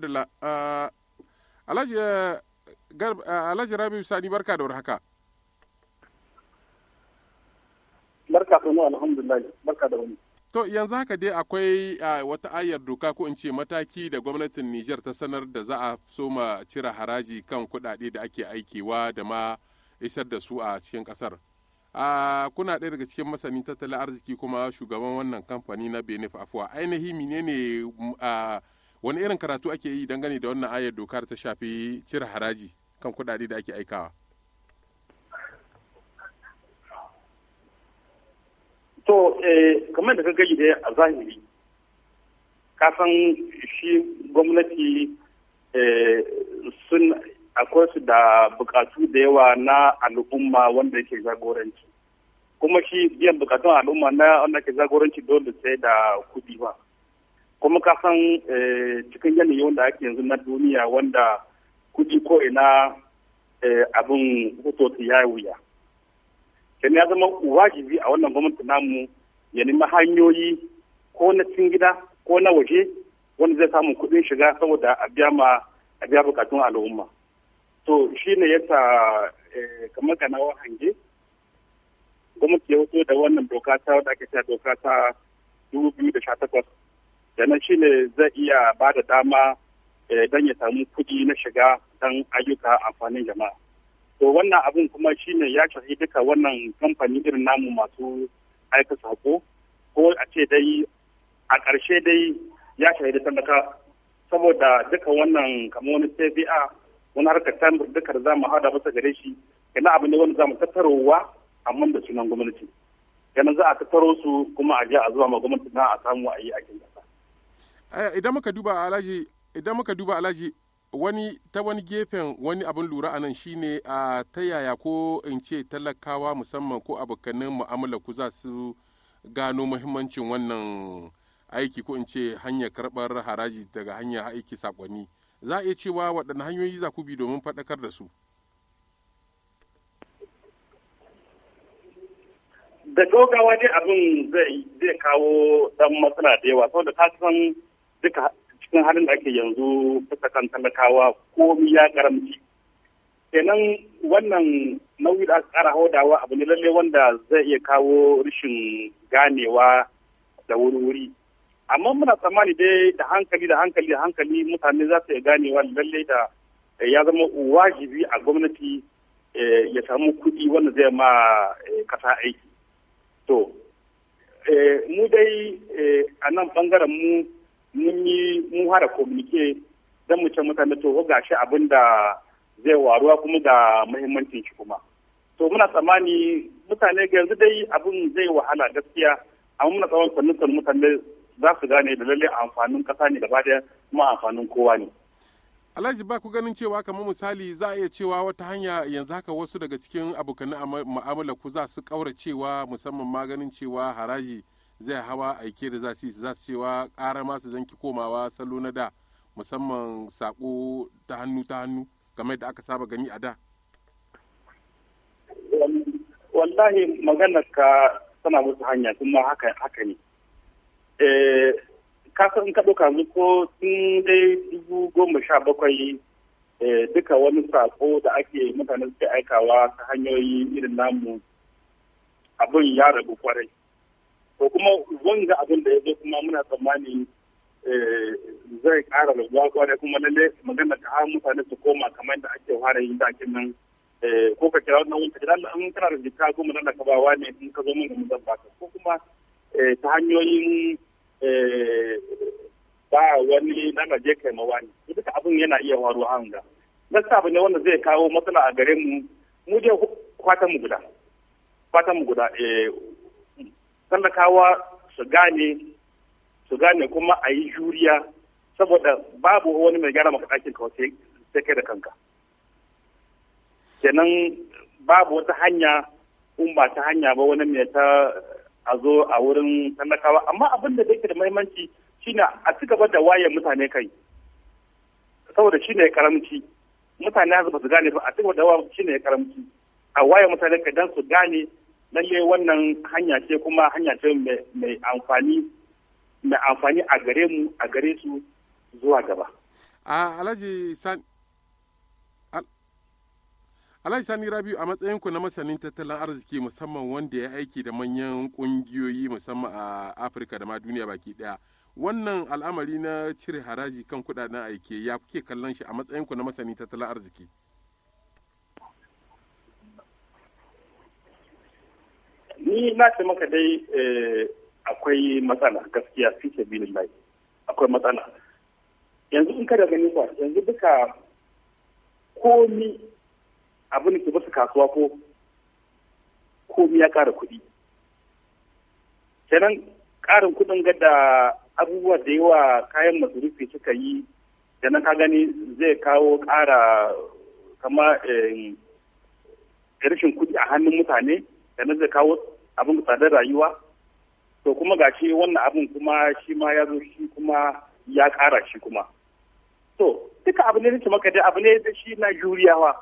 madalla ah, alhaji eh, eh, alhaji sani barka da warhaka barka mu alhamdulillah barka da wani To yanzu haka dai akwai eh, wata ayar doka ko in ce mataki da gwamnatin Nijar ta sanar da za a soma cire haraji kan kuɗaɗe da ake aikewa da ma isar da su a cikin ƙasar. Ah, kuna ɗaya daga cikin masanin tattalin arziki kuma shugaban wannan kamfani na Benef Afuwa. Ainihi menene ah, wani irin karatu ake yi dangane da wannan ayar dokar ta shafi cire haraji kan kudade da ake aikawa to eh, kamar da ka da a zahiri kasan shi gwamnati eh, sun akwai su da bukatu da yawa na al'umma wanda yake zagoranci kuma shi biyan bukatun al'umma na wanda ke zagoranci dole sai da kudi ba kuma ka san eh, cikin yanayi wanda ake yanzu na duniya wanda kuji ko ina eh, abin hutu ya wuya kenan ya zama wajibi a wannan gwamnati namu ya nemi hanyoyi ko na cikin gida ko na waje wanda zai samu kuɗin shiga saboda a biya ma a biya bukatun al'umma to shi ne yasa eh, kamar ka nawa hange gwamnati ya fito da wannan doka ta wadda ake cewa doka ta dubu biyu da sha takwas shi shine zai iya ba da dama eh, don ya samu kuɗi na shiga don ayyuka amfanin jama'a to wannan abin kuma shine ya shafi duka wannan kamfani irin namu masu aika sako ko a ce dai a ƙarshe dai ya shafi da sandaka saboda duka wannan kamar wani cba wani harkar tambur duka da za mu hada masa gare shi yana abu ne wani za mu tattarowa amma da sunan gwamnati yana za a tattaro su kuma a je a zuwa ma gwamnati na a samu a yi a Eh, idan muka duba alaji idan muka duba alaji wani ta wani gefen wani abin lura a nan shine a ta yaya ko in ce talakawa musamman ko abokanin mu'amala ku za su gano muhimmancin wannan aiki ko in ce hanyar karɓar haraji daga hanyar aiki sakonni za a iya cewa waɗanne hanyoyi za ku bi domin faɗakar da su da dogawa dai abin zai kawo ɗan matsala da yawa saboda ta san duka cikin halin da ake yanzu kusa kan talakawa komi ya karamci kenan wannan nauyi da aka kara hodawa abu ne lalle wanda zai iya kawo rashin ganewa da wuri-wuri amma muna tsammani dai da hankali da hankali da hankali mutane za su iya ganewa lalle da ya zama wajibi a gwamnati eh, ya samu kuɗi wanda zai ma kasa eh, aiki to eh, mu dai a nan bangaren mu mun yi mun hada communique don mu ce mutane to ga shi abin da zai waruwa kuma ga muhimmancin shi kuma to muna tsammani mutane ga yanzu dai abin zai wahala gaskiya amma muna tsawon sannu mutane za su gane da lalle amfanin kasa ne gaba daya kuma amfanin kowa ne Alhaji ba ku ganin cewa kamar misali za a iya cewa wata hanya yanzu haka wasu daga cikin abokan mu'amala ku za su kauracewa musamman maganin cewa haraji zai hawa aike da za su cewa ƙara masu zanki komawa salo na da musamman sako ta hannu ta hannu kamar da aka saba gani a da wallahi maganar ka tana musu hanya tun ma haka haka ne eh, ka san ka ɗauka ko tun dai dubu goma sha bakwai eh, duka wani sako da ake mutane suke aikawa ta hanyoyi irin namu abin ya rabu kwarai ko kuma wanga abin da ya zo kuma muna tsammani eh, zai ƙara rabuwa kawai kuma lalle magana ka har mutane su koma kamar da ake fara yin dakin nan eh, ko ka kira wannan wanda kira an kana da jika ko mu da ka ne in ka zo mun da mu ko kuma eh, ta hanyoyin ba wani na je kai mawa ne duka abin yana iya faruwa a hanga gaskiya abu ne wanda zai kawo matsala a gare mu mu je kwatan mu guda kwatan mu guda talakawa su gane su gane kuma a yi juriya saboda babu wani mai gyara maka ɗakin ka sai kai da kanka kenan babu wata hanya in ba ta hanya ba wani mai ta a zo a wurin talakawa amma abin da yake da mahimmanci shine a ci gaba da wayan mutane kai saboda shine karamci mutane ba su gane ba a ci gaba da wayan shine karamci a waye mutane kai dan su gane lalle wannan hanya ce kuma hanya ce mai amfani a gare mu a gare su zuwa gaba alhaji Sani Rabiu a matsayinku na masanin tattalin arziki musamman wanda ya aiki da manyan ƙungiyoyi musamman a Afirka da ma duniya baki daya. Wannan al'amari na cire haraji kan kudaden aiki ya kuke kallon shi a matsayinku na masanin tattalin arziki. ni na ce maka dai eh, akwai matsala gaskiya fi binin lai akwai matsala yanzu in kada gani ba yanzu duka komi abin da basu kasuwa ko komi ya kara kuɗi kenan ƙarin kuɗin da abubuwa da yawa kayan masarufi suka yi kenan ka gani zai kawo ƙara kama eh, rashin kuɗi a hannun mutane kenan zai kawo abin tsadar rayuwa to kuma ga shi wannan abin kuma shi ma ya zo shi kuma ya ƙara shi kuma to duka abu ne da maka dai abu ne da shi na juriyawa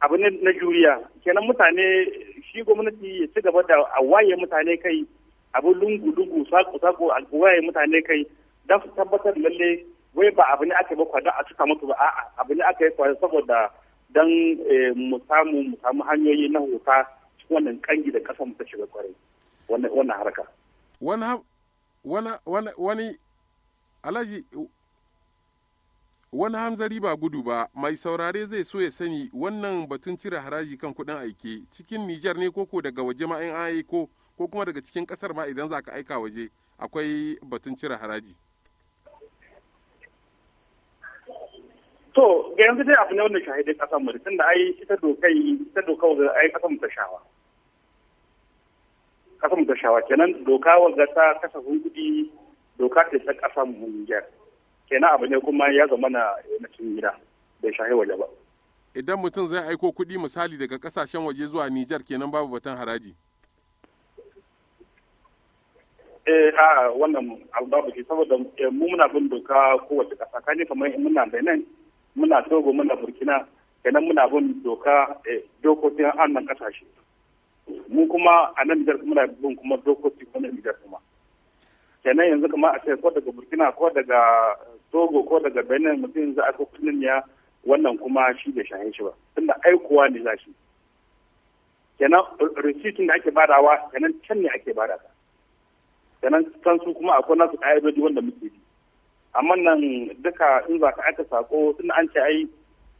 abu ne na juriya kenan mutane shi gwamnati ya ci gaba da a waye mutane kai abu lungu-lungu sako-sako a waye mutane kai don su tabbatar lalle wai ba abu ne aka yi bakwa a cika mutu ba a'a abu ne aka yi saboda don eh, mu samu mu samu hanyoyi na hota wannan kangi da kasan ta shiga kwarai wannan harka wani wani wani alhaji wani hamzari ba gudu ba mai saurare zai so ya sani wannan batun cire haraji kan kuɗin aike cikin nijar ne koko daga waje ma in aiko ko kuma daga cikin kasar ma idan za ka aika waje akwai batun cire haraji to ga yanzu dai abu ne wanda shahidai kasan mu tunda ai ita dokai ita dokar ai ƙasar mu ta shawa kasan gashawa kenan doka wanda ta kasafin kuɗi doka ta ta kasa mu kenan abu ne kuma ya zama na cikin gida bai shahi waje ba idan mutum zai aiko kuɗi misali daga ƙasashen waje zuwa nijar kenan babu batun haraji eh a wannan albabu babu saboda eh, mu muna bin doka kowace ƙasa kaje kamar muna Benin muna Togo muna Burkina kenan muna bin doka eh, dokokin annan ƙasashe mu kuma a nan jar muna bin kuma dokoki ko na jar kuma kenan yanzu kamar a ce ko daga Burkina ko daga Togo ko daga Benin mutum yanzu aka kullum ya wannan kuma shi da shahin shi ba tunda aikuwa ne za shi kenan eh, rikicin da ake badawa kenan can ne ake bada ka kenan can su kuma akwai nasu ƙa'idoji wanda muke bi amma nan duka in za ka aika sako tunda an ce ai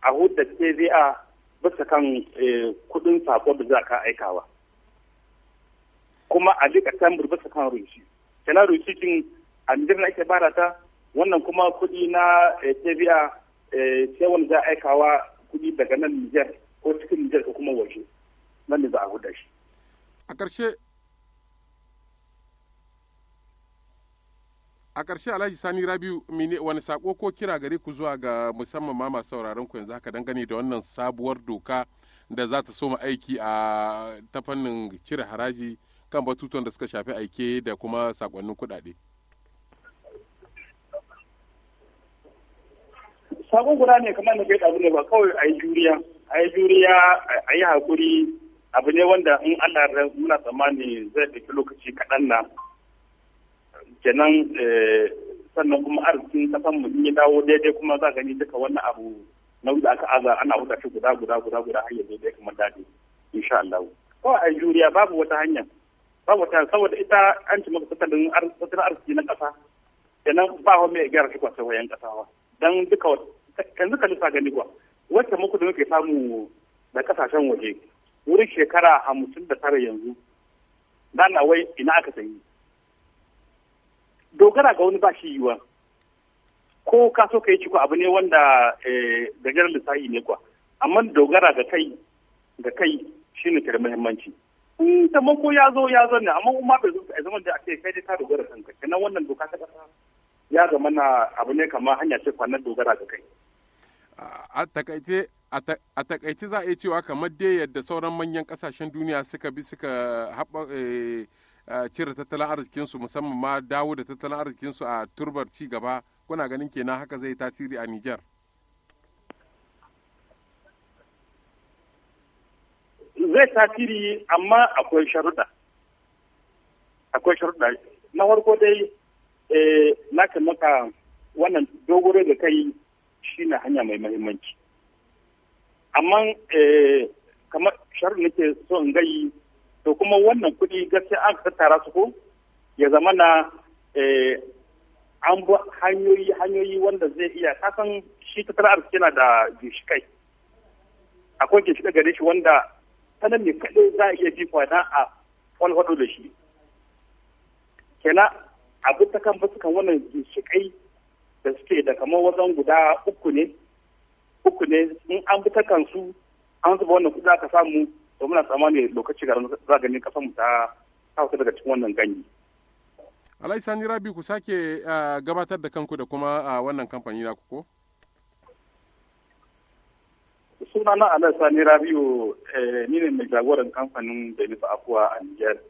a hudda ce zai a bisa kan eh, kudin sako da za ka aikawa kuma a liƙa kan burbasa kan rushi kana rushi kin a nijar na ake bara ta wannan kuma kudi na eh, tabiya eh, sai wani za a aikawa kudi daga nan niger ko cikin niger ko kuma waje nan ne a huda a ƙarshe a karshe alhaji sani rabiu mine wani sako ko kira gare ku zuwa ga musamman ma masu sauraron ku yanzu haka dangane da wannan sabuwar doka da za ta soma aiki a ta fannin cire haraji kan batutuwan da suka shafi aike da kuma sakonnin kuɗaɗe. Sakon guda ne kamar na bai abu ne ba kawai a yi juriya, a yi juriya a yi haƙuri abu ne wanda in Allah da muna tsammani zai ɗauki lokaci kaɗan na. Kenan eh, sannan kuma arzikin kasan mu in ya dawo daidai kuma za gani duka wannan abu na da aka aza ana huda shi guda guda guda guda har ya daidai kamar daɗi insha Allah. Kawai a juriya babu wata hanya. saboda saboda ita an ci maka tattalin arziki na ƙasa kenan ba wa mai gyara shi kwasa wayan ƙasa ba dan duka kan duka lissa gani kuwa wacce muku da muke samu da kasashen waje wurin shekara hamsin da tara yanzu na wai ina aka sayi dogara ga wani ba shi yiwa ko ka so ka yi ciko abu ne wanda eh, gajeren lissahi ne kuwa amma dogara ga kai ga kai shine ke muhimmanci in taimako ya zo ya zo ne amma kuma bai zo a zaman da ake kai dai ka dogara kanka kenan wannan doka ta kasa ya zama na abu ne kamar hanya ce kwanan dogara ga kai a takaice a takaice za a iya cewa kamar dai yadda sauran manyan kasashen duniya suka bi suka haɓa eh, cire tattalin arzikinsu musamman ma dawo da tattalin arzikinsu a turbar ci gaba kuna ganin kenan haka zai tasiri a Nijar. zai tasiri amma akwai sharuɗa akwai sharuɗa na farko dai eh, na ka maka wannan dogoro da kai shi na hanya mai mahimmanci amma eh, kamar sharuɗa nake so in gayi to kuma wannan kuɗi gaskiya an tattara su ko ya zama na eh, an hanyoyi hanyoyi wanda zai iya kasan shi tattalin arziki na da ginshikai akwai ginshikai gare shi wanda ta nan ne kaɗai za a iya bi kwana a kwalwado da shi kenan abu ta kan fuskan wannan ginshiƙai da suke da kamar wajen guda uku ne uku ne in an bi ta kansu an zuba wannan kuɗi aka samu to muna tsammani lokaci ga za ganin kasan mu ta hausa daga cikin wannan ganye Alai Sani Rabi ku sake ah, gabatar da kanku da kuma ah, wannan kamfani na ko? suna na alasa Sani Rabiu eh, ni ne mai jagoran kamfanin nufa Afuwa a Niger.